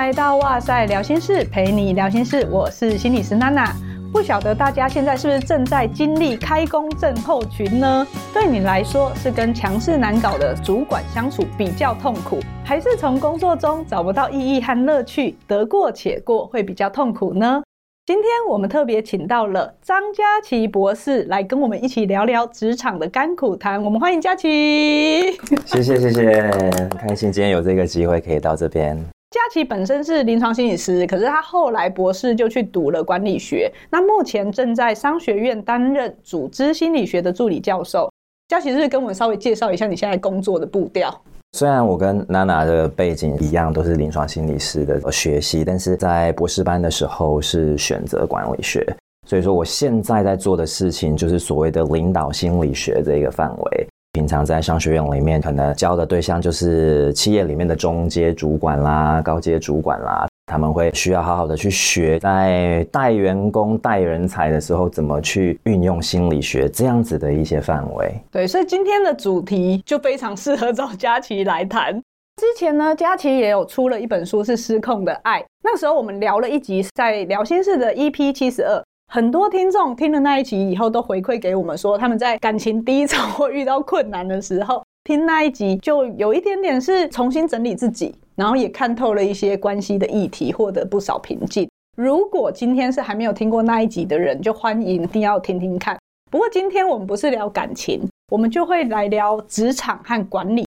來到哇賽療心室，陪你聊心事，我是心理師 Nana。不曉得大家現在是不是正在經歷開工症候群呢？對你來說是跟強勢難搞的主管相處比較痛苦，還是從工作中找不到意義和樂趣，得過且過會比較痛苦呢？今天我們特別請到了張家齊博士來跟我們一起聊聊職場的甘苦談。我們歡迎家齊，謝謝謝謝， 開心今天有這個機會可以到這邊。家齊本身是臨床心理師，可是他後來博士就去讀了管理學，那目前正在商學院擔任組織心理學的助理教授。家齊，是跟我們稍微介紹一下你現在工作的步調。雖然我跟娜娜的背景一樣，都是臨床心理師的學習，但是在博士班的時候是選擇管理學，所以說我現在在做的事情就是所謂的領導心理學這個範圍。平常在商學院裡面，可能教的對象就是企業裡面的中階主管啦、高階主管啦，他們會需要好好的去學，在帶員工、帶人才的時候，怎麼去運用心理學這樣子的一些範圍。對，所以今天的主題就非常適合找家齊來談。之前呢，家齊也有出了一本書，是《失控的愛》。那時候我們聊了一集，在療心室的 EP 七十二。很多聽眾聽了那一集以後，都回饋給我們說，他們在感情低潮或遇到困難的時候，聽那一集就有一點點是重新整理自己，然後也看透了一些關係的議題，獲得不少平靜。如果今天是還沒有聽過那一集的人，就歡迎一定要聽聽看。不過今天我們不是聊感情，我們就會來聊職場和管理。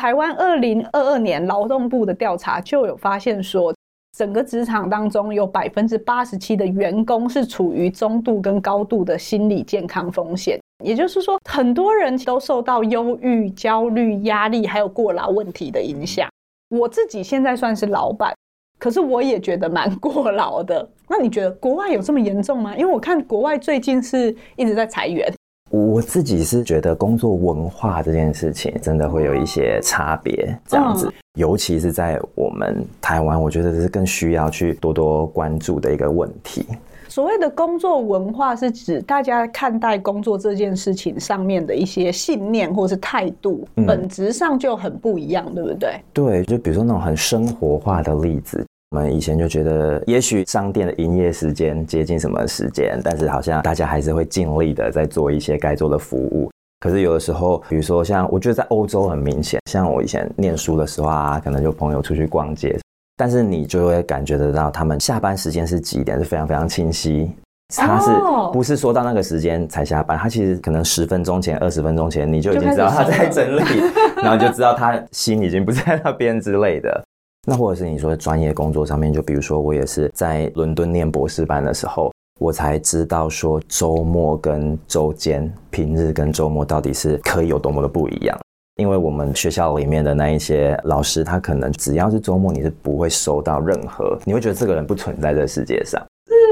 台灣二零二二年勞動部的調查就有發現說，整個職場當中，有百分之八十七的員工是處於中度跟高度的心理健康風險。也就是說，很多人都受到憂鬱、焦慮、壓力還有過勞問題的影響。我自己現在算是老闆，可是我也覺得蠻過勞的。那你覺得國外有這麼嚴重嗎？因為我看國外最近是一直在裁員。我自己是覺得工作文化這件事情真的會有一些差別，這樣子。嗯，尤其是在我們台灣，我覺得這是更需要去多多關注的一個問題。所謂的工作文化，是指大家看待工作這件事情上面的一些信念或是態度，嗯，本質上就很不一樣，對不對？對，就比如說那種很生活化的例子。我們以前就覺得，也許商店的營業時間接近什麼時間，但是好像大家還是會盡力的在做一些該做的服務。可是有的時候，比如說像我覺得在歐洲很明顯，像我以前念書的時候啊，可能就朋友出去逛街，但是你就會感覺得到，他們下班時間是幾點，是非常非常清晰。他是不是說到那個時間才下班？他其實可能十分鐘前、二十分鐘前，你就已經知道他在整理， 然後你就知道他心已經不在那邊之類的。那或者是你說的專業工作上面，就比如說我也是在倫敦念博士班的時候，我才知道說周末跟周間、平日跟周末到底是可以有多麼的不一樣。因為我們學校裡面的那一些老師，他可能只要是周末，你是不會收到任何，你會覺得這個人不存在這世界上。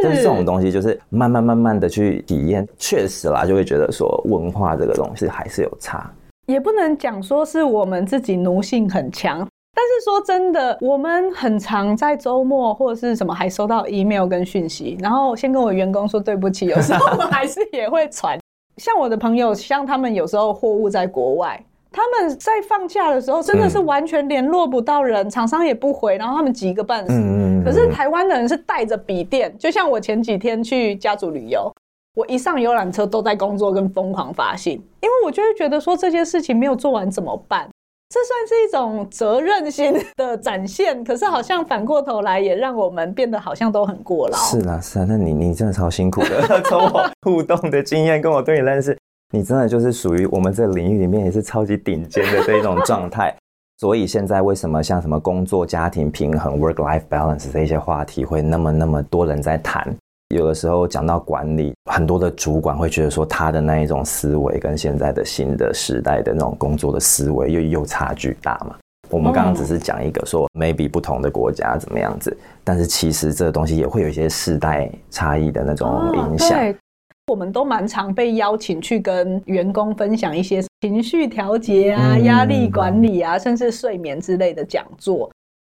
但是這種東西就是慢慢慢慢的去體驗，確實啦，就會覺得說文化這個東西還是有差，也不能講說是我們自己奴性很強。但是說真的，我們很常在周末或者是什麼還收到 email 跟訊息，然後先跟我員工說對不起，有時候我們還是也會傳。 像我的朋友，像他們有時候貨物在國外，他們在放假的時候真的是完全聯絡不到人，嗯、廠商也不回，然後他們急個半死，嗯嗯嗯嗯。可是台灣的人是帶着筆電，就像我前幾天去家族旅遊，我一上遊覽車都在工作跟瘋狂發信，因為我就會覺得說這些事情沒有做完怎麼辦。這算是一種責任心的展現，可是好像反過頭來也讓我們變得好像都很過勞。是啊，是啊，那你你真的超辛苦的。從我互動的經驗，跟我對你認識，你真的就是屬於我們這個領域裡面也是超級頂尖的這一種狀態。所以現在為什麼像什麼工作、家庭平衡、work life balance 這一些話題會那麼那麼多人在談？有的時候講到管理，很多的主管會覺得說他的那一種思維跟現在的新的時代的那種工作的思維又又差距大嘛。我們剛剛只是講一個說、哦、maybe 不同的國家怎麼樣子，但是其實這個東西也會有一些世代差異的那種影響、哦、對。我們都蠻常被邀請去跟員工分享一些情緒調節啊、嗯、壓力管理啊、嗯，甚至睡眠之類的講座。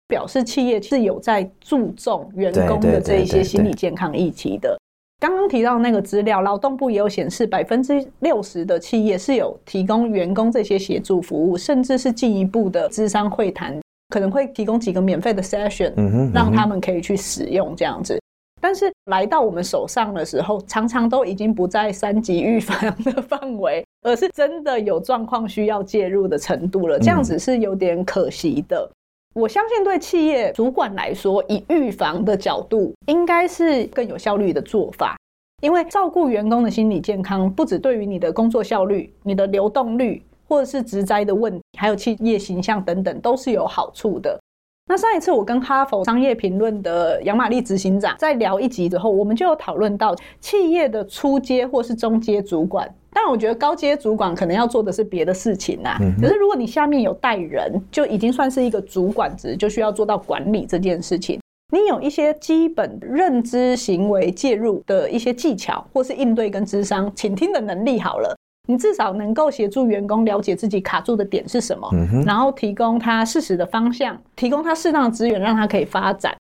表示企業是有在注重員工的這一些心理健康議題的。剛剛提到那個資料，勞動部也有顯示60，百分之六十的企業是有提供員工這些協助服務，甚至是進一步的谘商會談，可能會提供幾個免費的 session，嗯哼嗯哼，讓他們可以去使用這樣子。但是來到我們手上的時候，常常都已經不在三級預防的範圍，而是真的有狀況需要介入的程度了，這樣子是有點可惜的。嗯。我相信，對企業主管來說，以預防的角度，應該是更有效率的做法。因為照顧員工的心理健康，不只對於你的工作效率、你的流動率，或者是職災的問題，還有企業形象等等，都是有好處的。那上一次我跟哈佛商業評論的楊瑪麗執行長在聊一集之後，我們就有討論到企業的初階或是中階主管，但我覺得高階主管可能要做的是別的事情吶。可是如果你下面有帶人，就已經算是一個主管職，就需要做到管理這件事情。你有一些基本認知行為介入的一些技巧，或是應對跟諮商、傾聽的能力好了。你至少能夠協助員工了解自己卡住的點是什麼，然後提供他事實的方向，提供他適當的資源，讓他可以發展。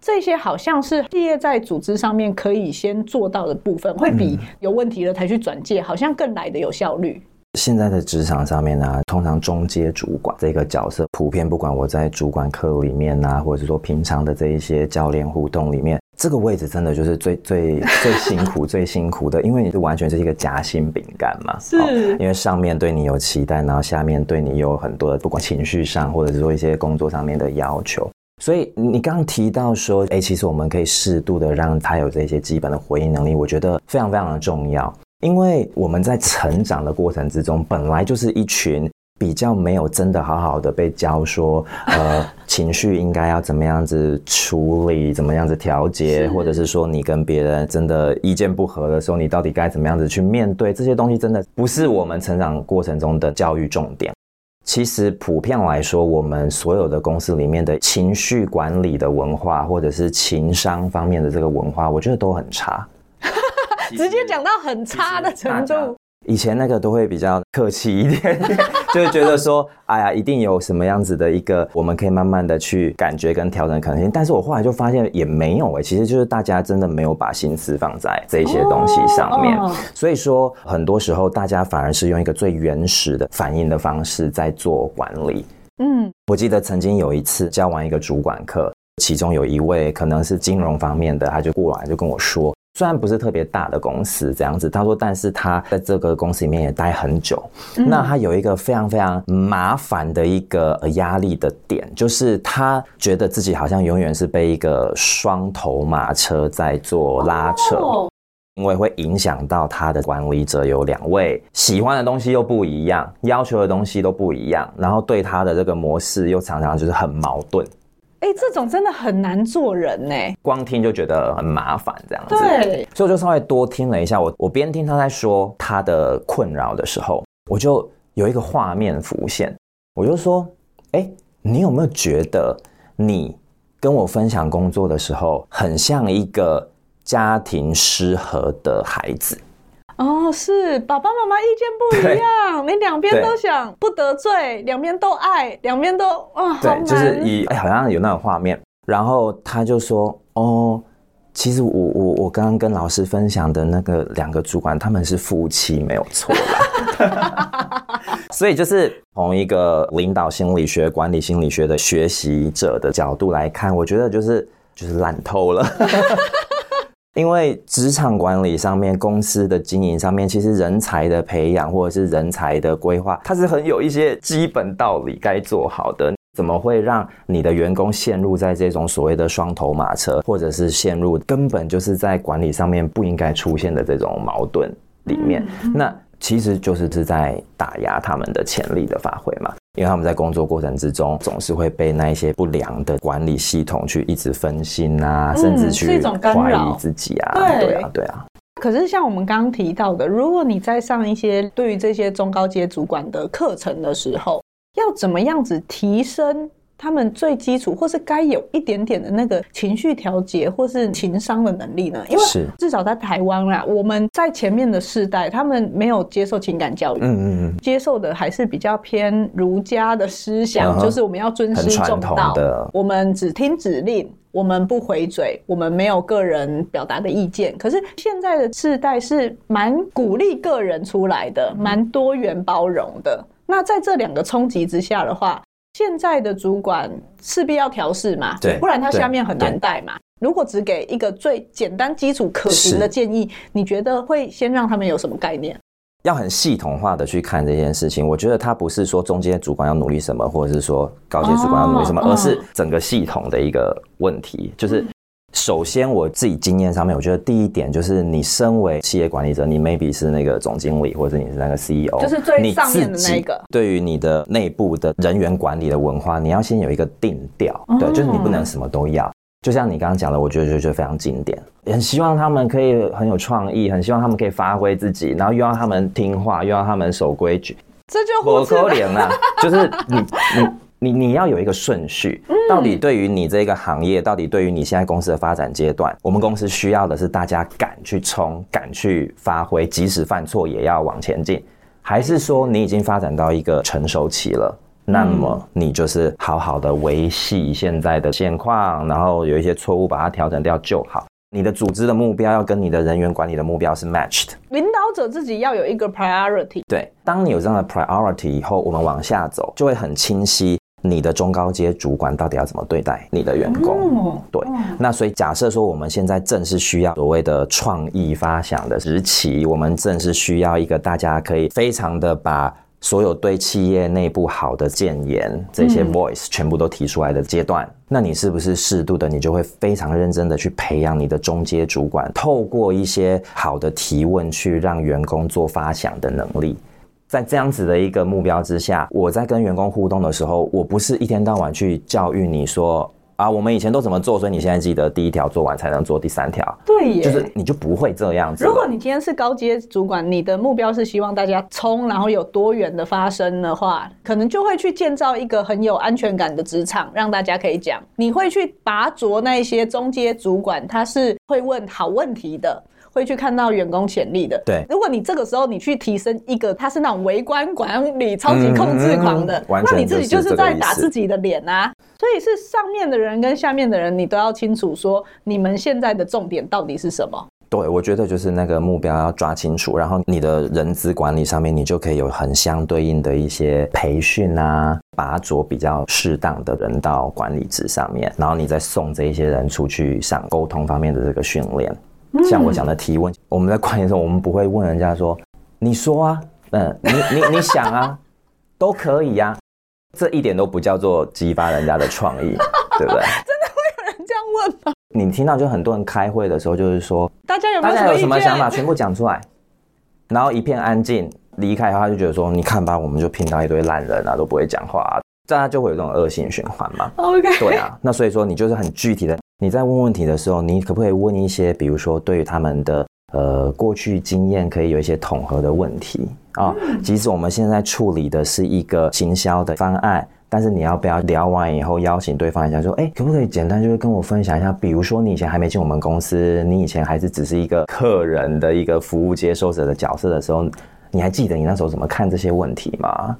這些好像是企業在組織上面可以先做到的部分，會比有問題了才去轉介，好像更來得有效率。現在的職場上面呢、啊，通常中階主管這個角色，普遍不管我在主管課裡面吶、啊，或者是說平常的這一些教練互動裡面，這個位置真的就是最最最辛苦、 最辛苦的，因為你是完全是一個夾心餅乾嘛。是。哦，因為上面對你有期待，然後下面對你有很多的，不管情緒上，或者是說一些工作上面的要求。所以你剛剛提到說，哎，其實我們可以適度的讓他有這些基本的回應能力，我覺得非常非常的重要。因為我們在成長的過程之中，本來就是一群比較沒有真的好好的被教說， 呃，情緒應該要怎麼樣子處理，怎麼樣子調節，或者是說你跟別人真的意見不合的時候，你到底該怎麼樣子去面對這些東西，真的不是我們成長過程中的教育重點。其實普遍來說，我們所有的公司裡面的情緒管理的文化，或者是情商方面的這個文化，我覺得都很差。 直接講到很差的程度。以前那個都會比較客氣一點， 就覺得說，哎呀，一定有什麼樣子的一個，我們可以慢慢的去感覺跟調整可能性。但是我後來就發現也沒有哎、欸，其實就是大家真的沒有把心思放在這些東西上面。所以說，很多時候大家反而是用一個最原始的反應的方式在做管理。嗯，我記得曾經有一次教完一個主管課，其中有一位可能是金融方面的，他就過來就跟我說。雖然不是特別大的公司這樣子，他說，但是他在這個公司裡面也待很久。嗯、那他有一個非常非常麻煩的一個壓力的點，就是他覺得自己好像永遠是被一個雙頭馬車在做拉扯。哦，因為會影響到他的管理者有兩位，喜歡的東西又不一樣，要求的東西都不一樣，然後對他的這個模式又常常就是很矛盾。哎、欸，這種真的很難做人呢、欸。光聽就覺得很麻煩，這樣子。對，所以我就稍微多聽了一下我。我我邊聽他在說他的困擾的時候，我就有一個畫面浮現。我就說，哎、欸，你有沒有覺得你跟我分享工作的時候，很像一個家庭失和的孩子？哦，是爸爸媽媽意見不一樣，你兩邊都想不得罪，兩邊都愛，兩邊都啊、哦、對，就是以哎、欸，好像有那種畫面，然後他就說哦，其實我我我剛剛跟老師分享的那個兩個主管，他們是夫妻，沒有錯。 所以就是從一個領導心理學、管理心理學的學習者的角度來看，我覺得就是就是爛透了。 因為職場管理上面，公司的經營上面，其實人才的培養或者是人才的規劃，它是很有一些基本道理該做好的。怎麼會讓你的員工陷入在這種所謂的雙頭馬車，或者是陷入根本就是在管理上面不應該出現的這種矛盾裡面？嗯嗯，那其實就是是在打壓他們的潛力的發揮嘛。因為他們在工作過程之中，總是會被那一些不良的管理系統去一直分心啊，嗯，甚至去懷疑自己啊，嗯，是一種干擾。對。對啊，對啊。可是像我們剛剛提到的，如果你在上一些對於這些中高階主管的課程的時候，要怎麼樣子提升？他們最基礎，或是該有一點點的那個情緒調節，或是情商的能力呢？因為至少在台灣啦，我們在前面的世代，他們沒有接受情感教育，嗯嗯、嗯，接受的還是比較偏儒家的思想，uh -huh, 就是我們要尊師重道，很傳統的，我們只聽指令，我們不回嘴，我們沒有個人表達的意見。可是現在的世代是蠻鼓勵個人出來的，嗯、蠻多元包容的。那在這兩個衝擊之下的話，現在的主管勢必要調試嘛，對，不然他下面很難帶嘛。如果只給一個最簡單、基礎、可行的建議，你覺得會先讓他們有什麼概念？要很系統化的去看這件事情。我覺得他不是說中間主管要努力什麼，或者是說高級主管要努力什麼，哦、而是整個系統的一個問題，哦、就是。首先，我自己經驗上面，我覺得第一點就是，你身為企業管理者，你 maybe 是那個總經理，或者你是那個 CEO，就是最上面的那個。對於你的內部的人員管理的文化，你要先有一個定調，對，就是你不能什麼都要。就像你剛剛講的，我覺得就覺得非常經典，也很希望他們可以很有創意，很希望他們可以發揮自己，然後又讓他們聽話，又讓他們守規矩，這就火哥臉了，就是你你。你你要有一個順序，嗯，到底對於你這個行業，到底對於你現在公司的發展階段，我們公司需要的是大家敢去衝，敢去發揮，即使犯錯也要往前進，還是說你已經發展到一個成熟期了，那麼你就是好好的維繫現在的現況，然後有一些錯誤把它調整掉就好。你的組織的目標要跟你的人員管理的目標是 matched，領導者自己要有一個 priority。對，當你有這樣的 priority 以後，我們往下走就會很清晰。你的中高階主管到底要怎麼對待你的員工？哦、對、哦，那所以假設說我們現在正是需要所謂的創意發想的時期，我們正是需要一個大家可以非常的把所有對企業內部好的建言這些 voice 全部都提出來的階段。嗯、那你是不是適度的，你就會非常認真的去培養你的中階主管，透過一些好的提問去讓員工做發想的能力？在這樣子的一個目標之下，我在跟員工互動的時候，我不是一天到晚去教育你說啊，我們以前都怎麼做，所以你現在記得第一條做完才能做第三條。對耶，就是你就不會這樣子。如果你今天是高階主管，你的目標是希望大家衝，然後有多元的發聲的話，可能就會去建造一個很有安全感的職場，讓大家可以講。你會去拔擢那些中階主管，他是會問好問題的。會去看到員工潛力的。對，如果你這個時候你去提升一個他是那種微觀管理、超級控制狂的、嗯，那你自己就是在打自己的臉啊。所以是上面的人跟下面的人，你都要清楚說你們現在的重點到底是什麼。對，我覺得就是那個目標要抓清楚，然後你的人資管理上面，你就可以有很相對應的一些培訓啊，拔擢比較適當的人到管理職上面，然後你再送這些人出去上溝通方面的這個訓練。像我講的提問，我們在關鍵時候，我們不會問人家說：“你說啊，嗯，你你你想啊， 都可以呀、啊。”這一點都不叫做激發人家的創意， 對不對？真的會有人這樣問嗎？你聽到就很多人開會的時候，就是說大家有沒有，大家有什麼想法，全部講出來，然後一片安靜，離開以後，他就覺得說：“你看吧，我們就拼到一堆爛人啊，都不會講話、啊。”這樣就會有這種惡性循環嘛？OK，對啊，那所以說你就是很具體的。你在問問題的時候，你可不可以問一些，比如說對於他們的呃過去經驗，可以有一些統合的問題啊、哦？即使我們現在處理的是一個行銷的方案，但是你要不要聊完以後邀請對方一下，說哎，可不可以簡單就是跟我分享一下？比如說你以前還沒進我們公司，你以前還是只是一個客人的一個服務接受者的角色的時候，你還記得你那時候怎麼看這些問題嗎？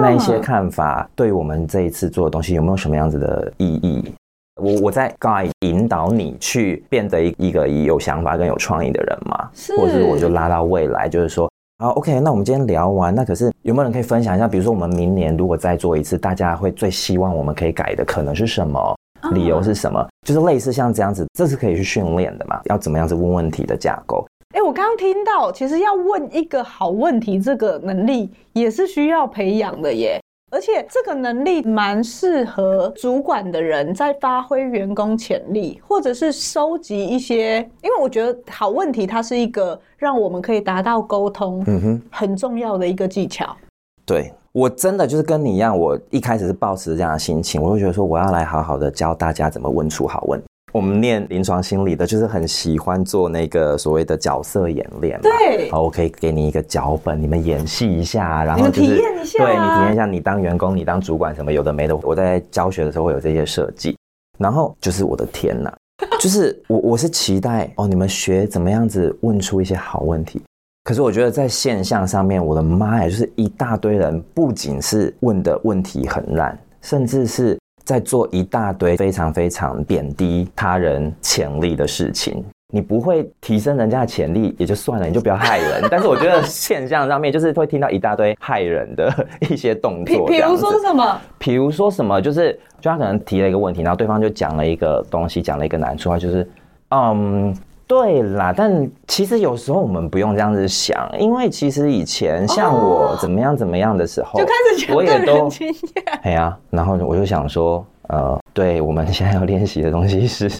那一些看法，對我們這一次做的東西有沒有什麼樣子的意義？我我在 guide 引導你去變得一個有想法跟有創意的人嘛，是，或是我就拉到未來，就是說，好，OK，那我們今天聊完，那可是有沒有人可以分享一下？比如說我們明年如果再做一次，大家會最希望我們可以改的可能是什麼？哦、理由是什麼？就是類似像這樣子，這是可以去訓練的嘛？要怎麼樣子問問題的架構？哎、欸，我剛剛聽到，其實要問一個好問題，這個能力也是需要培養的耶。而且這個能力蠻適合主管的人在發揮員工潛力，或者是收集一些，因為我覺得好問題它是一個讓我們可以達到溝通，嗯哼，很重要的一個技巧。嗯、對，我真的就是跟你一樣，我一開始是抱持這樣的心情，我會覺得說我要來好好的教大家怎麼問出好問。我們念臨床心理的，就是很喜歡做那個所謂的角色演練。對，好，我可以給你一個腳本，你們演戲一下，然後就是，你們體驗一下，對，你體驗一下，你當員工，你當主管，什麼有的沒的。我在教學的時候會有這些設計，然後就是我的天哪，就是我我是期待哦，你們學怎麼樣子問出一些好問題。可是我覺得在現象上面，我的媽呀，就是一大堆人，不僅是問的問題很爛，甚至是。在做一大堆非常非常貶低他人潛力的事情，你不會提升人家的潛力也就算了，你就不要害人。但是我覺得現象上面就是會聽到一大堆害人的一些動作，這樣子。比如說什麼？比如說什麼？就是就他可能提了一個問題，然後對方就講了一個東西，講了一個難處啊，就是嗯、um。對啦，但其實有時候我們不用這樣子想，因為其實以前像我怎麼樣怎麼樣的時候，oh, 我也都，經驗。哎呀，然後我就想說，呃，對我們現在要練習的東西是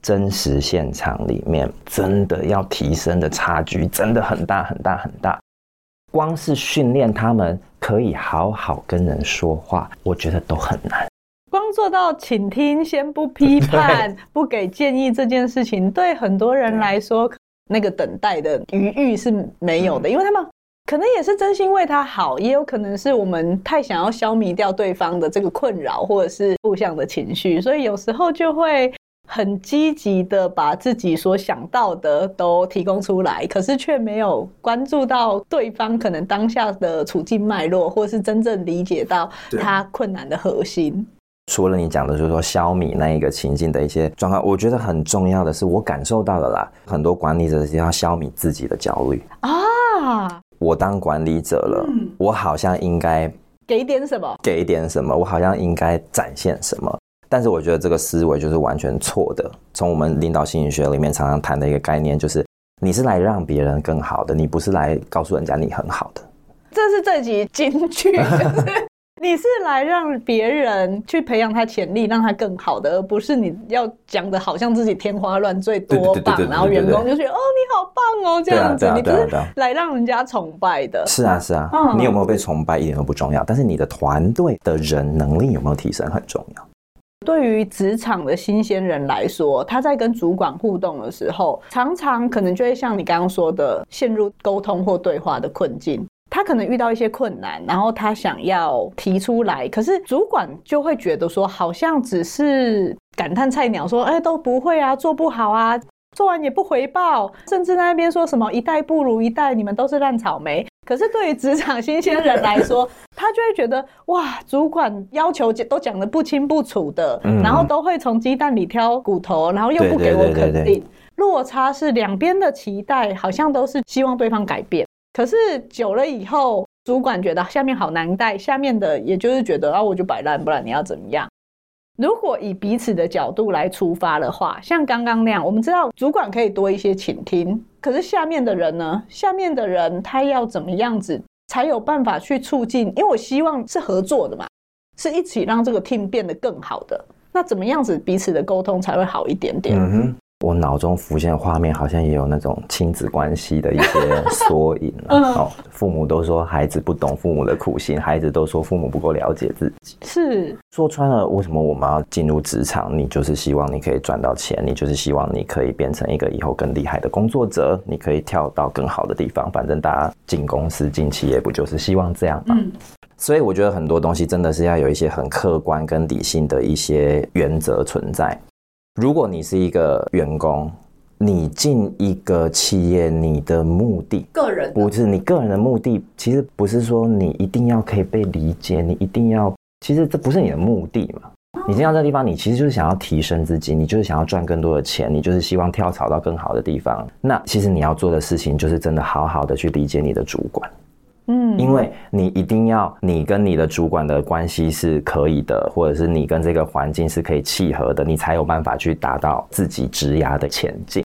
真實現場裡面真的要提升的差距，真的很大很大很大。光是訓練他們可以好好跟人說話，我覺得都很難。光做到傾聽，先不批判、 不給建議這件事情，對很多人來說，那個等待的餘裕是沒有的，因為他們可能也是真心為他好，也有可能是我們太想要消滅掉對方的這個困擾，或者是負向的情緒，所以有時候就會很積極的把自己所想到的都提供出來，可是卻沒有關注到對方可能當下的處境脈絡，或是真正理解到他困難的核心。除了你講的，就是說消弭那一個情境的一些狀況，我覺得很重要的是，我感受到的啦。很多管理者是要消弭自己的焦慮啊。我當管理者了，嗯、我好像應該給點什麼？給點什麼？我好像應該展現什麼？但是我覺得這個思維就是完全錯的。從我們領導心理學裡面常常談的一個概念，就是你是來讓別人更好的，你不是來告訴人家你很好的。這是這集金句。就是 你是來讓別人去培養他潛力，讓他更好的，而不是你要講的好像自己天花亂墜多棒，對對對對對，然後員工就覺得對對對對哦，你好棒哦這樣子，啊啊啊啊啊、你不是來讓人家崇拜的。是啊是啊、嗯，你有沒有被崇拜一點都不重要，但是你的團隊的人能力有沒有提升很重要。對於職場的新鮮人來說，他在跟主管互動的時候，常常可能就會像你剛剛說的，陷入溝通或對話的困境。他可能遇到一些困難，然後他想要提出來，可是主管就會覺得說，好像只是感嘆菜鳥說，哎、欸，都不會啊，做不好啊，做完也不回報，甚至那邊說什麼一代不如一代，你們都是爛草莓。可是對於職場新鮮人來說， 他就會覺得，哇，主管要求都講得不清不楚的，嗯、然後都會從雞蛋裡挑骨頭，然後又不給我肯定，對對對對對，落差是兩邊的期待，好像都是希望對方改變。可是久了以後，主管覺得下面好難帶，下面的也就是覺得啊，我就擺爛，不然你要怎麼樣？如果以彼此的角度來出發的話，像剛剛那樣，我們知道主管可以多一些傾聽，可是下面的人呢？下面的人他要怎麼樣子才有辦法去促進？因為我希望是合作的嘛，是一起讓這個 team 變得更好的。那怎麼樣子彼此的溝通才會好一點點？嗯哼我腦中浮現的畫面好像也有那種親子關係的一些縮影、啊、哦，父母都說孩子不懂父母的苦心，孩子都說父母不夠了解自己。是說穿了，為什麼我們要進入職場？你就是希望你可以賺到錢，你就是希望你可以變成一個以後更厲害的工作者，你可以跳到更好的地方。反正大家進公司、進企業，不就是希望這樣嘛。所以我覺得很多東西真的是要有一些很客觀跟理性的一些原則存在。如果你是一個員工，你進一個企業，你的目的個人，不是你個人的目的，其實不是說你一定要可以被理解，你一定要，其實這不是你的目的嘛？你進到這個地方，你其實就是想要提升自己，你就是想要賺更多的錢，你就是希望跳槽到更好的地方。那其實你要做的事情，就是真的好好的去理解你的主管。嗯，因為你一定要你跟你的主管的關係是可以的，或者是你跟這個環境是可以契合的，你才有辦法去達到自己職涯的前進。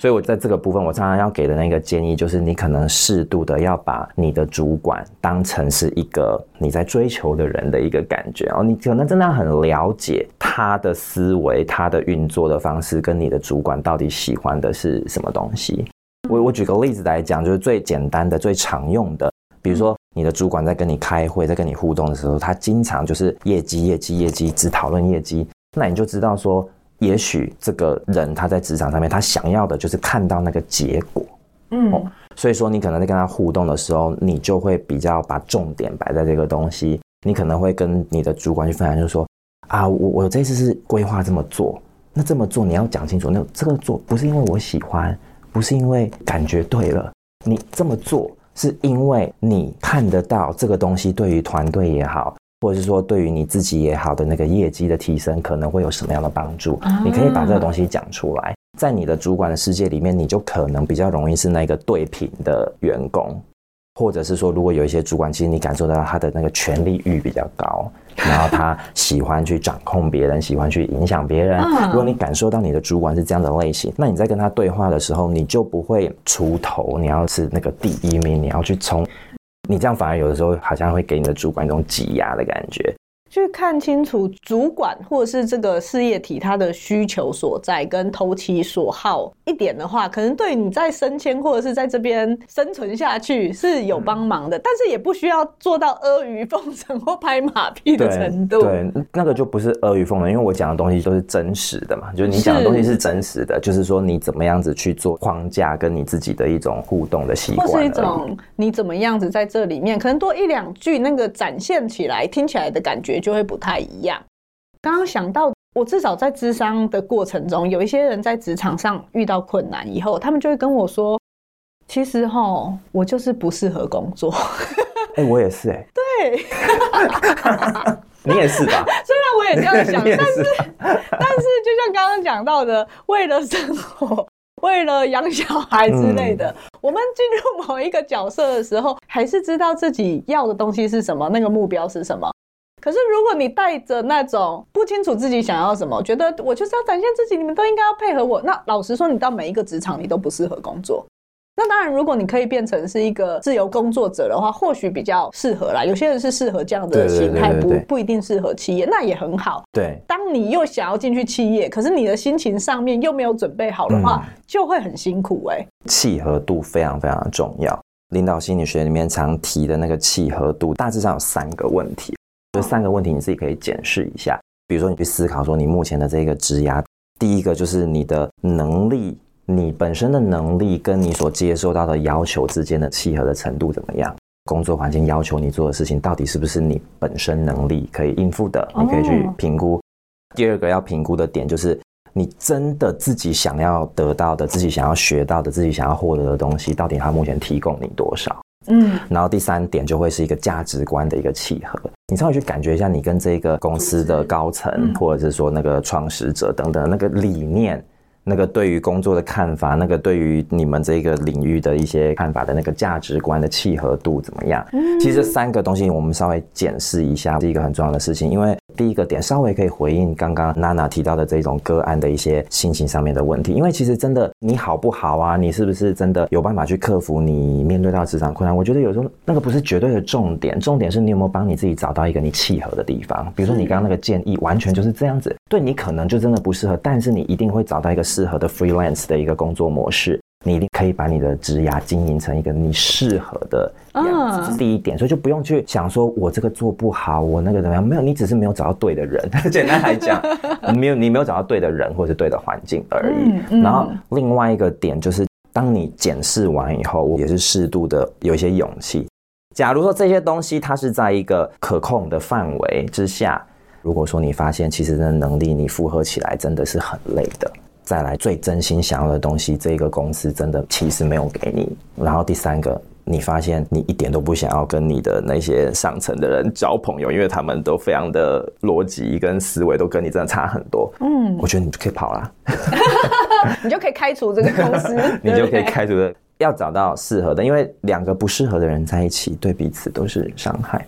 所以，我在這個部分，我常常要給的那個建議就是，你可能適度的要把你的主管當成是一個你在追求的人的一個感覺哦，你可能真的要很了解他的思維、他的運作的方式，跟你的主管到底喜歡的是什麼東西。我我舉個例子來講，就是最簡單的、最常用的，比如說你的主管在跟你開會、在跟你互動的時候，他經常就是業績、業績、業績，只討論業績。那你就知道說，也許這個人他在職場上面，他想要的就是看到那個結果。嗯。哦，所以說你可能在跟他互動的時候，你就會比較把重點擺在這個東西。你可能會跟你的主管去分享，就是說啊，我我這次是規劃這麼做，那這麼做你要講清楚，那這個做不是因為我喜歡。不是因為感覺對了，你這麼做是因為你看得到這個東西對於團隊也好，或者是說對於你自己也好的那個業績的提升可能會有什麼樣的幫助。嗯。你可以把這個東西講出來，在你的主管的世界裡面，你就可能比較容易是那個對頻的員工。或者是說，如果有一些主管，其實你感受到他的那個權力欲比較高，然後他喜歡去掌控別人， 喜歡去影響別人。如果你感受到你的主管是這樣的類型，那你在跟他對話的時候，你就不會出頭，你要是那個第一名，你要去衝，你這樣反而有的時候好像會給你的主管一種擠壓的感覺。去看清楚主管或者是這個事業體他的需求所在，跟投其所好一點的話，可能對你在升遷或者是在這邊生存下去是有幫忙的。嗯，但是也不需要做到阿諛奉承或拍馬屁的程度。對，對，那個就不是阿諛奉承，因為我講的東西就是真實的嘛。就是你講的東西是真實的，就是說你怎麼樣子去做框架，跟你自己的一種互動的習慣，或是一種你怎麼樣子在這裡面，可能多一兩句那個展現起來，聽起來的感覺。就會不太一樣。剛剛想到，我至少在諮商的過程中，有一些人在職場上遇到困難以後，他們就會跟我說：“其實齁，我就是不適合工作。欸”哎，我也是哎、欸。對， 你也是的。雖然我也這樣想，但是， 但是就像剛剛講到的，為了生活，為了養小孩之類的，嗯、我們進入某一個角色的時候，還是知道自己要的東西是什麼，那個目標是什麼。可是，如果你帶着那種不清楚自己想要什麼，覺得我就是要展現自己，你們都應該要配合我，那老實說，你到每一個職場你都不適合工作。那當然，如果你可以變成是一個自由工作者的話，或許比較適合啦。有些人是適合這樣的心態，不不一定適合企業，那也很好。對，當你又想要進去企業，可是你的心情上面又沒有準備好的話，嗯、就會很辛苦哎、欸。契合度非常非常重要，領導心理學裡面常提的那個契合度，大致上有三個問題。這三個問題，你自己可以檢視一下。比如說，你去思考說，你目前的這個職涯，第一個就是你的能力，你本身的能力跟你所接受到的要求之間的契合的程度怎麼樣？工作環境要求你做的事情，到底是不是你本身能力可以應付的？你可以去評估。第二個要評估的點就是，你真的自己想要得到的、自己想要學到的、自己想要獲得的東西，到底它目前提供你多少？嗯。然後第三點就會是一個價值觀的一個契合。你稍微去感覺一下，你跟這個公司的高層、嗯，或者是說那個創始者等等那個理念。那個對於工作的看法，那個對於你們這個領域的一些看法的那個價值觀的契合度怎麼樣？嗯、其實這三個東西我們稍微檢視一下，是一個很重要的事情。因為第一個點稍微可以回應剛剛娜娜提到的這種個案的一些心情上面的問題。因為其實真的你好不好啊？你是不是真的有辦法去克服你面對到職場困難？我覺得有時候那個不是絕對的重點，重點是你有沒有幫你自己找到一個你契合的地方。比如說你剛剛那個建議，嗯、完全就是這樣子，對，你可能就真的不適合，但是你一定會找到一個，適合的 freelance 的一個工作模式，你一定可以把你的職涯經營成一個你適合的樣子，這、oh. 是第一點，所以就不用去想說我這個做不好，我那個怎麼樣，沒有，你只是沒有找到對的人。 簡單來講，沒有你沒有找到對的人或者是對的環境而已。Mm-hmm. 然後另外一個點就是，當你檢視完以後，也是適度的有一些勇氣。假如說這些東西它是在一個可控的範圍之下，如果說你發現其實的能力你負荷起來真的是很累的。再來最真心想要的東西，這個公司真的其實沒有給你。然後第三個，你發現你一點都不想要跟你的那些上層的人交朋友，因為他們都非常的邏輯跟思維都跟你真的差很多。嗯，我覺得你就可以跑啦。 你就可以開除這個公司， 你就可以開除的。 要找到適合的，因為兩個不適合的人在一起，對彼此都是傷害。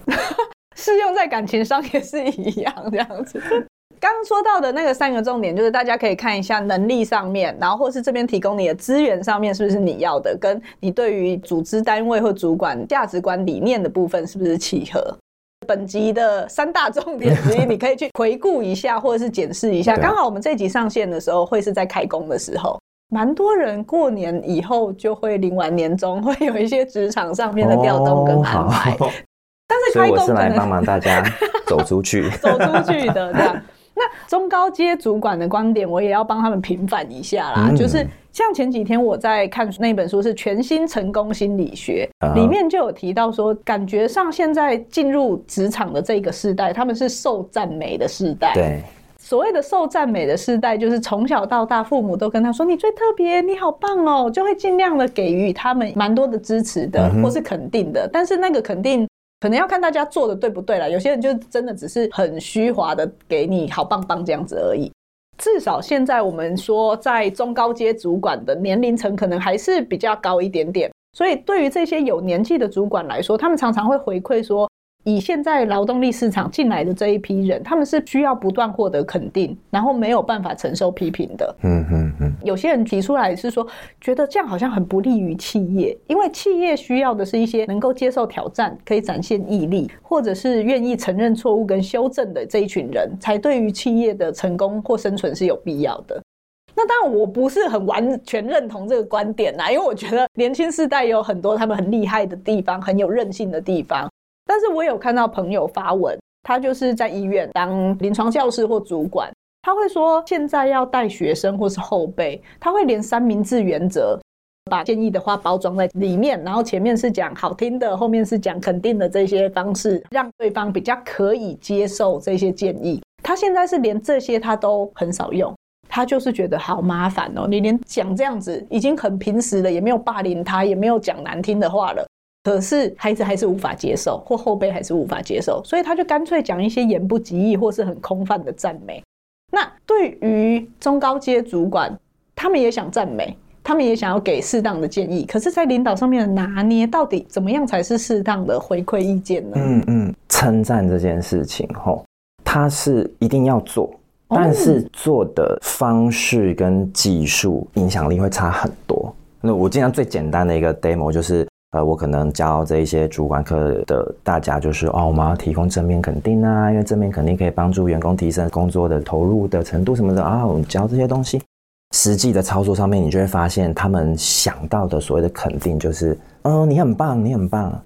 適 用在感情上也是一樣這樣子。剛剛說到的那個三個重點，就是大家可以看一下能力上面，然後或是這邊提供你的資源上面是不是你要的，跟你對於組織單位或主管價值觀理念的部分是不是契合。本集的三大重點之一，你可以去回顧一下，或者是檢視一下。 剛好我們這集上線的時候會是在開工的時候，蠻多人過年以後就會領完年終，會有一些職場上面的調動跟安排。Oh, 但是開工可能是來幫忙大家走出去， 走出去的這樣。那中高階主管的觀點，我也要幫他們平反一下啦。就是像前幾天我在看那本書，是《全新成功心理學》，裡面就有提到說，感覺上現在進入職場的這個世代，他們是受讚美的世代。對，所謂的受讚美的世代，就是從小到大，父母都跟他說：“你最特別，你好棒哦、喔”，就會盡量的給予他們蠻多的支持的，或是肯定的。但是那個肯定。可能要看大家做的對不對啦。有些人就真的只是很虛華的給你好棒棒，這樣子而已。至少現在我們說，在中高階主管的年齡層，可能還是比較高一點點。所以對於這些有年紀的主管來說，他們常常會回饋說。以現在勞動力市場進來的這一批人，他們是需要不斷獲得肯定，然後沒有辦法承受批評的。嗯嗯嗯。有些人提出來是說，覺得這樣好像很不利於企業，因為企業需要的是一些能夠接受挑戰、可以展現毅力，或者是願意承認錯誤跟修正的這一群人，才對於企業的成功或生存是有必要的。那當然，我不是很完全認同這個觀點吶，因為我覺得年輕世代有很多他們很厲害的地方，很有韌性的地方。但是我有看到朋友發文，他就是在醫院當臨床教師或主管，他會說，現在要帶學生或是後輩，他會連三明治原則，把建議的話包裝在裡面，然後前面是講好聽的，後面是講肯定的這些方式，讓對方比較可以接受這些建議。他現在是連這些他都很少用，他就是覺得好麻煩哦。你連講這樣子已經很平實了，也沒有霸凌他，也沒有講難聽的話了。可是孩子還是無法接受，或後輩還是無法接受，所以他就乾脆講一些言不及義或是很空泛的讚美。那對於中高階主管，他們也想讚美，他們也想要給適當的建議。可是，在領導上面的拿捏，到底怎麼樣才是適當的回饋意見呢？嗯嗯，稱讚這件事情，吼，他是一定要做，但是做的方式跟技術影響力會差很多。那我經常最簡單的一個 demo 就是。呃，我可能教這一些主管課的大家，就是哦，我們要提供正面肯定啊，因為正面肯定可以幫助員工提升工作的投入的程度什麼的啊。我們教這些東西，實際的操作上面，你就會發現他們想到的所謂的肯定，就是嗯、哦，你很棒，你很棒，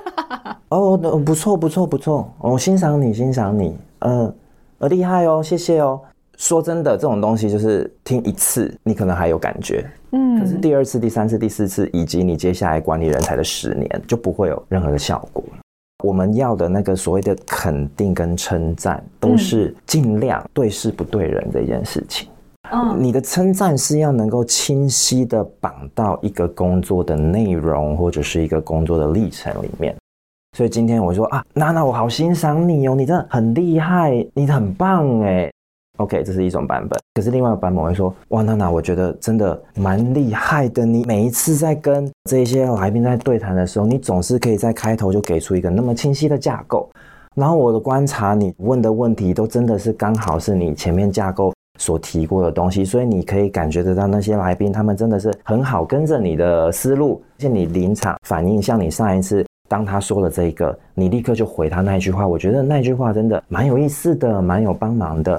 哦，不錯不錯不錯，我、哦、欣賞你，欣賞你，嗯、呃，厲害哦，謝謝哦。說真的，這種東西就是聽一次，你可能還有感覺。嗯，可是第二次、第三次、第四次，以及你接下來管理人才的十年，就不會有任何的效果了。我們要的那個所謂的肯定跟稱讚，都是盡量對事不對人的一件事情。嗯，你的稱讚是要能夠清晰的綁到一個工作的內容，或者是一個工作的歷程裡面。所以今天我說啊，娜娜，我好欣賞你哦，你真的很厲害，你很棒哎。OK，這是一種版本。可是另外一種版本我會說：“哇娜娜，我覺得真的蠻厲害的。你每一次在跟這些來賓在對談的時候，你總是可以在開頭就給出一個那麼清晰的架構。然後我的觀察，你問的問題都真的是剛好是你前面架構所提過的東西，所以你可以感覺得到那些來賓他們真的是很好跟着你的思路。而且你臨場反應，像你上一次當他說了這個，你立刻就回他那句話。我覺得那句話真的蠻有意思的，蠻有幫忙的。”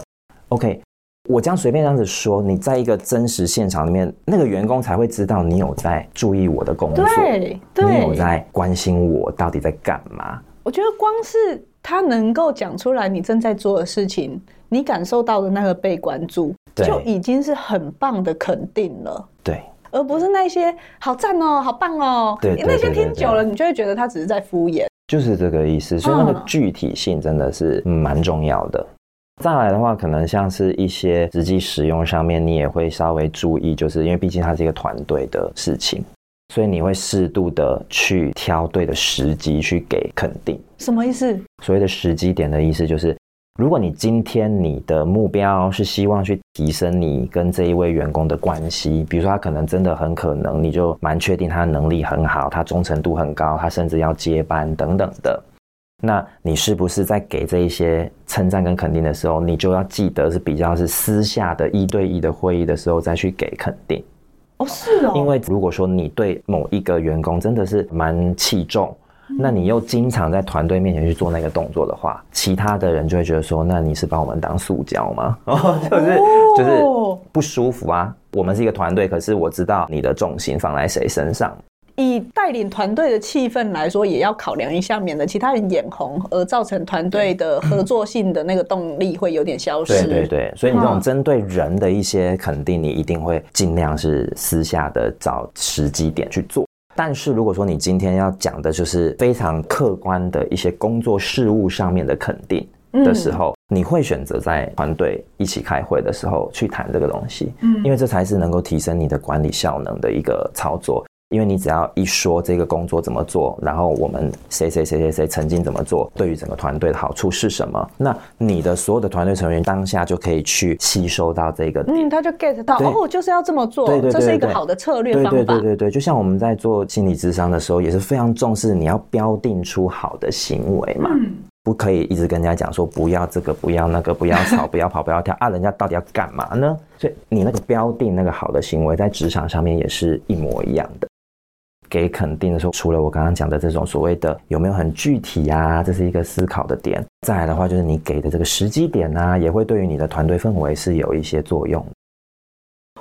OK，我這樣隨便這樣子說，你在一個真實現場裡面，那個員工才會知道你有在注意我的工作，對，對，你有在關心我到底在幹嘛。我覺得光是他能夠講出來你正在做的事情，你感受到的那個被關注，就已經是很棒的肯定了。對，而不是那些“好讚哦、喔，好棒哦、喔，對對對對對對，欸”，那些聽久了你就會覺得他只是在敷衍。就是這個意思，所以那個具體性真的是蠻，嗯嗯，重要的。再來的話，可能像是一些實際使用上面，你也會稍微注意，就是因為畢竟它是一個團隊的事情，所以你會適度的去挑對的時機去給肯定。什麼意思？所謂的時機點的意思就是，如果你今天你的目標是希望去提升你跟這一位員工的關係，比如說他可能真的很可能，你就蠻確定他能力很好，他忠誠度很高，他甚至要接班等等的。那你是不是在給這一些稱讚跟肯定的時候，你就要記得是比較是私下的、一對一的會議的時候再去給肯定？哦，是哦。因為如果說你對某一個員工真的是蠻器重，嗯，那你又經常在團隊面前去做那個動作的話，其他的人就會覺得說，那你是把我們當塑膠嗎？ 就是，哦，就是就是不舒服啊！我們是一個團隊，可是我知道你的重心放在誰身上。以帶領團隊的氣氛來說，也要考量一下，免得其他人眼紅而造成團隊的合作性的那個動力會有點消失。對對對，所以你這種針對人的一些肯定，你一定會盡量是私下的找時機點去做。但是如果說你今天要講的就是非常客觀的一些工作事務上面的肯定的時候，嗯、你會選擇在團隊一起開會的時候去談這個東西，嗯，因為這才是能夠提升你的管理效能的一個操作。因為你只要一說這個工作怎麼做，然後我們誰誰誰誰誰曾經怎麼做，對於整個團隊的好處是什麼，那你的所有的團隊成員當下就可以去吸收到這個，嗯，他就 get 到，哦，我就是要這麼做。對對對，這是一個好的策略方法。對對對對對，就像我們在做心理智商的時候也是非常重視，你要標定出好的行為嘛、嗯，不可以一直跟人家講說不要這個，不要那個，不要吵，不要跑，不要跳 啊，人家到底要幹嘛呢？所以你那個標定那個好的行為，在職場上面也是一模一樣的。給肯定的時候，除了我剛剛講的這種所謂的有沒有很具體啊，這是一個思考的點。再來的話，就是你給的這個時機點啊，也會對於你的團隊氛圍是有一些作用的。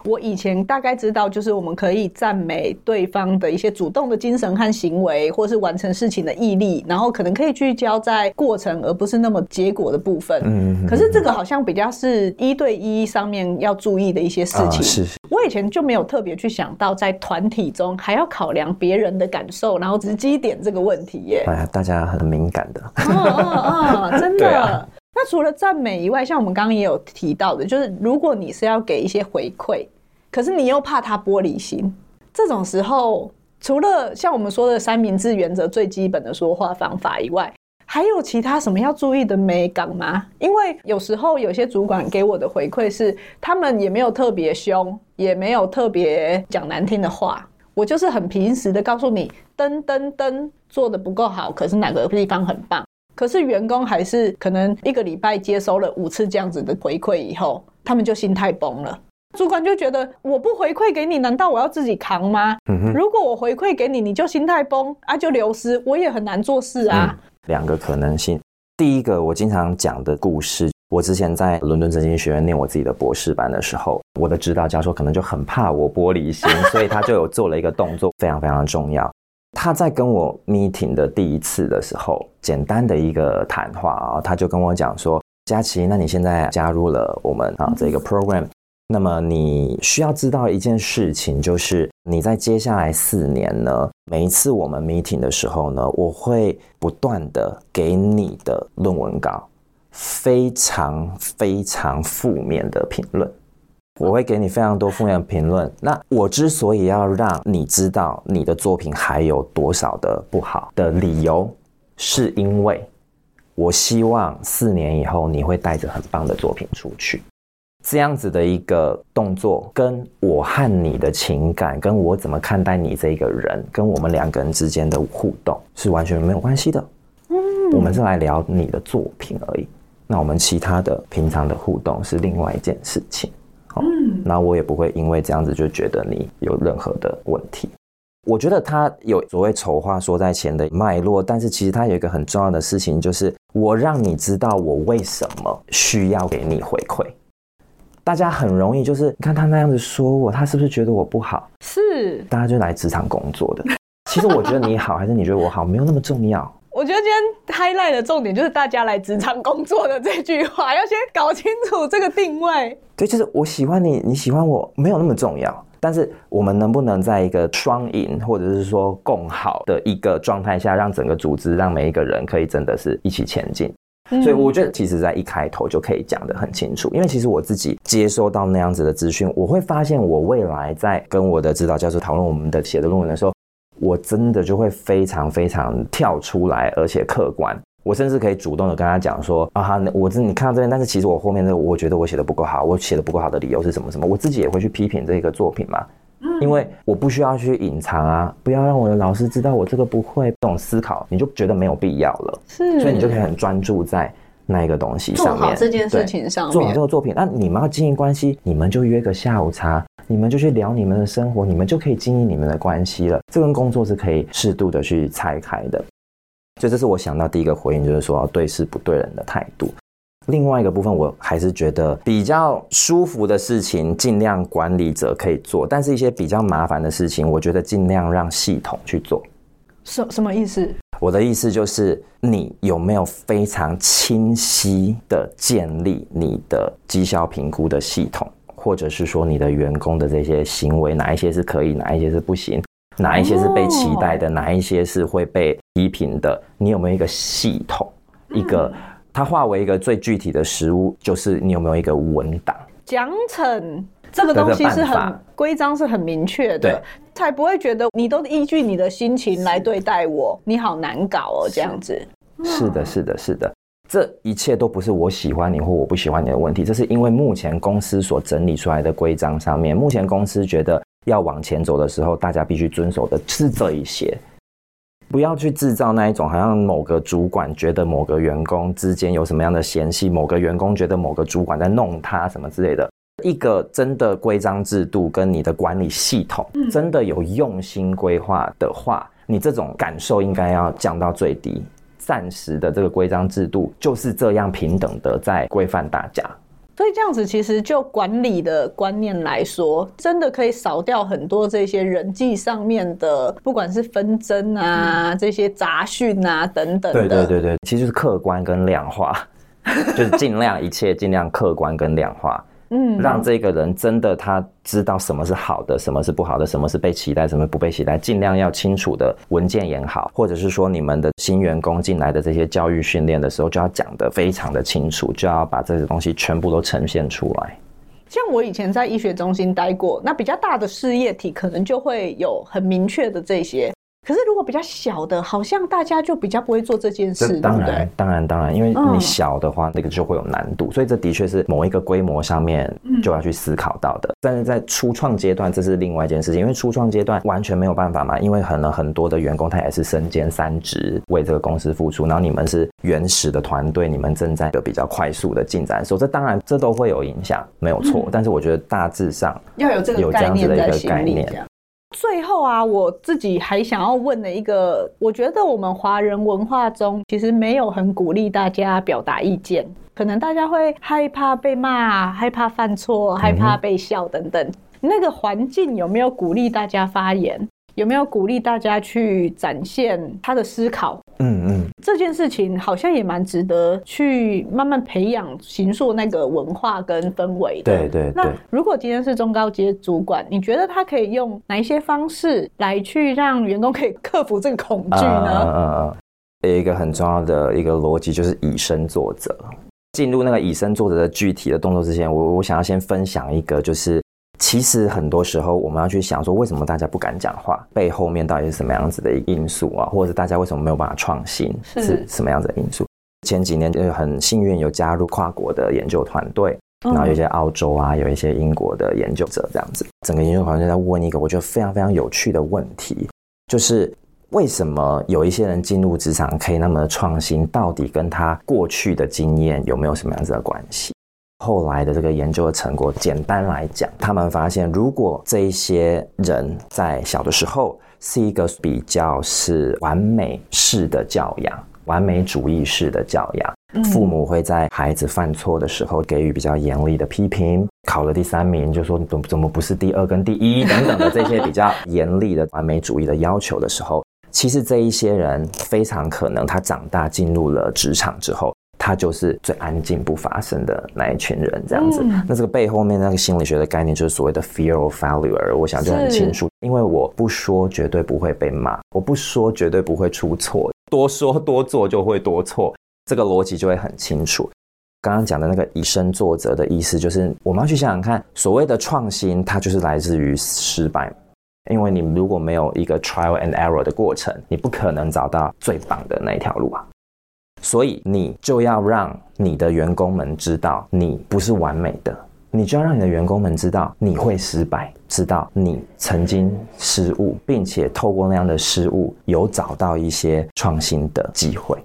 我以前大概知道，就是我們可以讚美對方的一些主動的精神和行為，或是完成事情的毅力，然後可能可以聚焦在過程，而不是那麼結果的部分。嗯，可是這個好像比較是一對一上面要注意的一些事情。嗯、是是，我以前就沒有特別去想到，在團體中還要考量別人的感受，然後直接點這個問題耶。哎呀，大家很敏感的。哦哦哦、真的。那除了讚美以外，像我們剛剛也有提到的，就是如果你是要給一些回饋，可是你又怕他玻璃心，這種時候，除了像我們說的三明治原則最基本的說話方法以外，還有其他什麼要注意的眉角嗎？因為有時候有些主管給我的回饋是，他們也沒有特別凶，也沒有特別講難聽的話，我就是很平實的告訴你，噔噔噔，做得不夠好，可是哪個地方很棒。可是員工還是可能一個禮拜接收了五次這樣子的回饋以後，他們就心態崩了。主管就覺得我不回饋給你，難道我要自己扛嗎？嗯、如果我回饋給你，你就心態崩啊，就流失，我也很難做事啊。兩、嗯、個可能性，第一個我經常講的故事，我之前在倫敦政經學院念我自己的博士班的時候，我的指導教授可能就很怕我玻璃心， 所以他就有做了一個動作，非常非常重要。他在跟我 meeting 的第一次的時候，簡單的一個談話啊，他就跟我講說：家齊，那你現在加入了我們啊這個 program，那麼你需要知道一件事情，就是你在接下來四年呢，每一次我們 meeting 的時候呢，我會不斷的給你的論文稿非常非常負面的評論。我會給你非常多負面評論。那我之所以要讓你知道你的作品還有多少的不好的理由，是因為我希望四年以後你會帶着很棒的作品出去。這樣子的一個動作，跟我和你的情感，跟我怎麼看待你這個人，跟我們兩個人之間的互動是完全沒有關係的。嗯，我們是來聊你的作品而已。那我們其他的平常的互動是另外一件事情。Oh, 嗯，那我也不會因為這樣子就覺得你有任何的問題。我覺得他有所謂醜話說在前的脈絡，但是其實他有一個很重要的事情，就是我讓你知道我為什麼需要給你回饋。大家很容易就是，你看他那樣子說我，他是不是覺得我不好？是，大家就來職場工作的。 其實我覺得你好，還是你覺得我好，沒有那麼重要。我覺得今天 highlight 的重點就是大家來職場工作的這句話，要先搞清楚這個定位。對，就是我喜歡你，你喜歡我，沒有那麼重要。但是我們能不能在一個雙贏，或者是說共好的一個狀態下，讓整個組織，讓每一個人可以真的是一起前進？嗯、所以我覺得，其實在一開頭就可以講得很清楚。因為其實我自己接收到那樣子的資訊，我會發現我未來在跟我的指導教授討論我們的寫的論文的時候。我真的就會非常非常跳出來，而且客觀。我甚至可以主動的跟他講說：“啊哈，我這你看到這邊，但是其實我後面的，我覺得我寫得不夠好，我寫得不夠好的理由是什麼什麼？我自己也會去批評這個作品嘛。因為我不需要去隱藏啊，不要讓我的老師知道我這個不會不懂思考，你就覺得沒有必要了。是，所以你就可以很專注在那一個東西上面，做好這件事情上面，做好這個作品。那你們要經營關係，你們就約個下午茶。你們就去聊你們的生活，你們就可以經營你們的關係了。這份工作是可以適度的去拆開的。所以這是我想到第一個回應，就是說對事不對人的態度。另外一個部分，我還是覺得比較舒服的事情，盡量管理者可以做；但是一些比較麻煩的事情，我覺得盡量讓系統去做。什什麼意思？我的意思就是，你有沒有非常清晰的建立你的績效評估的系統？或者是說你的員工的這些行為，哪一些是可以，哪一些是不行，哪一些是被期待的，Oh. 哪一些是會被批評的？你有沒有一個系統？一個、嗯、它化為一個最具體的實物，就是你有沒有一個文檔？獎懲這個東西是很規章是很明確的，才不會覺得你都依據你的心情來對待我，你好難搞哦，這樣子。是的，是的，是的。這一切都不是我喜歡你或我不喜歡你的問題，這是因為目前公司所整理出來的規章上面，目前公司覺得要往前走的時候，大家必須遵守的是這一些，不要去製造那一種好像某個主管覺得某個員工之間有什麼樣的嫌隙，某個員工覺得某個主管在弄他什麼之類的。一個真的規章制度跟你的管理系統真的有用心規劃的話，你這種感受應該要降到最低。暫時的這個規章制度就是這樣平等的在規範大家，所以這樣子其實就管理的觀念來說，真的可以少掉很多這些人際上面的，不管是紛爭啊、嗯、這些雜訊啊等等。對對對對，其實是客觀跟量化， 就是盡量一切盡量客觀跟量化。嗯，讓這個人真的他知道什麼是好的，什麼是不好的，什麼是被期待，什麼不被期待，盡量要清楚的文件也好，或者是說你們的新員工進來的這些教育訓練的時候，就要講得非常的清楚，就要把這些東西全部都呈現出來。像我以前在醫學中心待過，那比較大的事業體可能就會有很明確的這些。可是，如果比較小的，好像大家就比較不會做這件事。這當然，對對當然，當然，因為你小的話，哦、那個就會有難度。所以，這的確是某一個規模上面就要去思考到的。嗯、但是在初創階段，這是另外一件事情。因為初創階段完全沒有辦法嘛，因為可能很多的員工他也是身兼三職，為這個公司付出。然後你們是原始的團隊，你們正在一個比較快速的進展。所以這當然這都會有影響，沒有錯。嗯、但是我覺得大致上要有這有這樣子的一個概念。最後啊，我自己還想要問的一個，我覺得我們華人文化中其實沒有很鼓勵大家表達意見，可能大家會害怕被罵、害怕犯錯、害怕被笑等等，那個環境有沒有鼓勵大家發言？有沒有鼓勵大家去展現他的思考？嗯嗯，這件事情好像也蠻值得去慢慢培養、形塑那個文化跟氛圍的。對對對。那如果今天是中高階主管，你覺得他可以用哪一些方式來去讓員工可以克服這個恐懼呢？嗯嗯嗯。有、嗯嗯嗯嗯、一個很重要的一個邏輯就是以身作則。進入那個以身作則的具體的動作之前，我我想要先分享一個，就是。其實很多時候，我們要去想說，為什麼大家不敢講話？背後面到底是什麼樣子的一個因素啊？或者大家為什麼沒有辦法創新？是，是什麼樣子的因素？前幾年就是很幸運有加入跨國的研究團隊，Oh. 然後有一些澳洲啊，有一些英國的研究者這樣子，整個研究團隊在問一個我覺得非常非常有趣的問題，就是為什麼有一些人進入職場可以那麼的創新，到底跟他過去的經驗有沒有什麼樣子的關係？後來的這個研究的成果，簡單來講，他們發現，如果這一些人在小的時候是一個比較是完美式的教養、完美主義式的教養，嗯，父母會在孩子犯錯的時候給予比較嚴厲的批評，考了第三名就說你怎麼怎麼不是第二跟第一等等的這些比較嚴厲的完美主義的要求的時候，其實這一些人非常可能他長大進入了職場之後。他就是最安靜不發聲的那一群人，這樣子，嗯。那這個背後面那個心理學的概念，就是所謂的 fear of failure，我想就很清楚。因為我不說，絕對不會被罵；我不說，絕對不會出錯。多說多做就會多錯，這個邏輯就會很清楚。剛剛講的那個以身作則的意思，就是我們要去想想看，所謂的創新，它就是來自於失敗。因為你如果沒有一個 trial and error 的過程，你不可能找到最棒的那一條路啊。所以你就要讓你的員工們知道你不是完美的，你就要讓你的員工們知道你會失敗，知道你曾經失誤，並且透過那樣的失誤有找到一些創新的機會。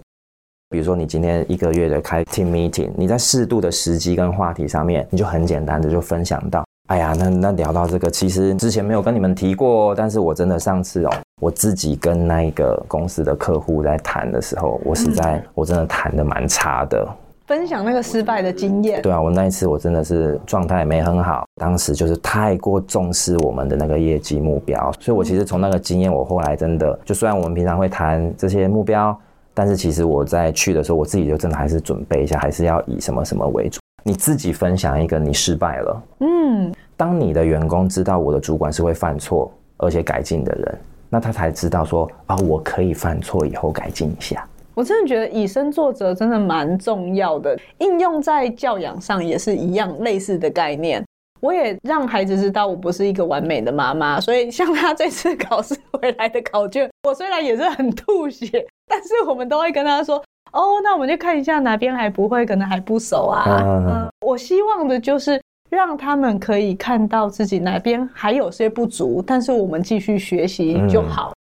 比如說，你今天一個月的開 team meeting，你在適度的時機跟話題上面，你就很簡單的就分享到。哎呀，那那聊到這個，其實之前沒有跟你們提過，但是我真的上次哦，我自己跟那一個公司的客戶在談的時候，我實在，嗯、我真的談得蠻差的。分享那個失敗的經驗。對啊，我那一次我真的是狀態沒很好，當時就是太過重視我們的那個業績目標，所以我其實從那個經驗，我後來真的就雖然我們平常會談這些目標，但是其實我在去的時候，我自己就真的還是準備一下，還是要以什麼什麼為主。你自己分享一個你失敗了，嗯，當你的員工知道我的主管是會犯錯而且改進的人，那他才知道說啊，我可以犯錯以後改進一下。我真的覺得以身作則真的蠻重要的，應用在教養上也是一樣類似的概念。我也讓孩子知道我不是一個完美的媽媽，所以像他這次考試回來的考卷，我雖然也是很吐血，但是我們都會跟他說。哦，那我們就看一下哪邊還不會，可能還不熟啊。嗯，嗯，我希望的就是讓他們可以看到自己哪邊還有些不足，但是我們繼續學習就好。嗯。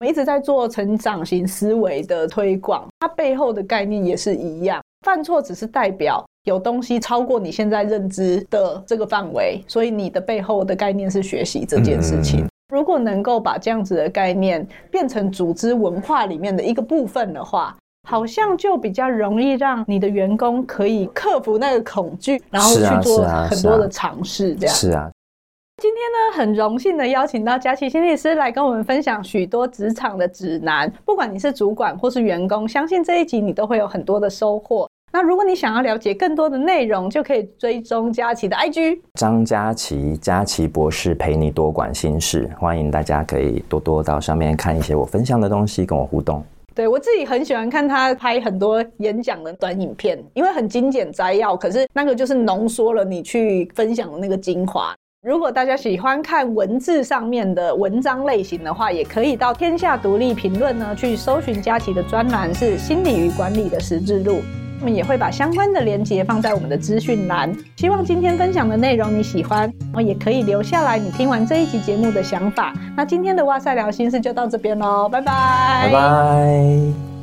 我一直在做成長型思維的推廣，它背後的概念也是一樣。犯錯只是代表有東西超過你現在認知的這個範圍，所以你的背後的概念是學習這件事情。嗯。如果能夠把這樣子的概念變成組織文化裡面的一個部分的話好像就比較容易讓你的員工可以克服那個恐懼，然後去做很多的嘗試。這樣是啊，是，啊是，啊是，啊是啊。今天呢，很榮幸的邀請到家齊心理師來跟我們分享許多職場的指南。不管你是主管或是員工，相信這一集你都會有很多的收穫。那如果你想要了解更多的內容，就可以追蹤家齊的 IG。張家齊，家齊博士陪你多管心事。歡迎大家可以多多到上面看一些我分享的東西，跟我互動。對，我自己很喜歡看他拍很多演講的短影片，因為很精簡摘要。可是那個就是濃縮了你去分享的那個精華。如果大家喜歡看文字上面的文章類型的話，也可以到《天下獨立評論》呢去搜尋家齊的專欄，是《心理與管理的十字路》。我們也會把相關的連結放在我們的資訊欄。希望今天分享的內容你喜歡，然後也可以留下來你聽完這一集節目的想法。那今天的哇賽療心室就到這邊嘍，拜拜，拜拜。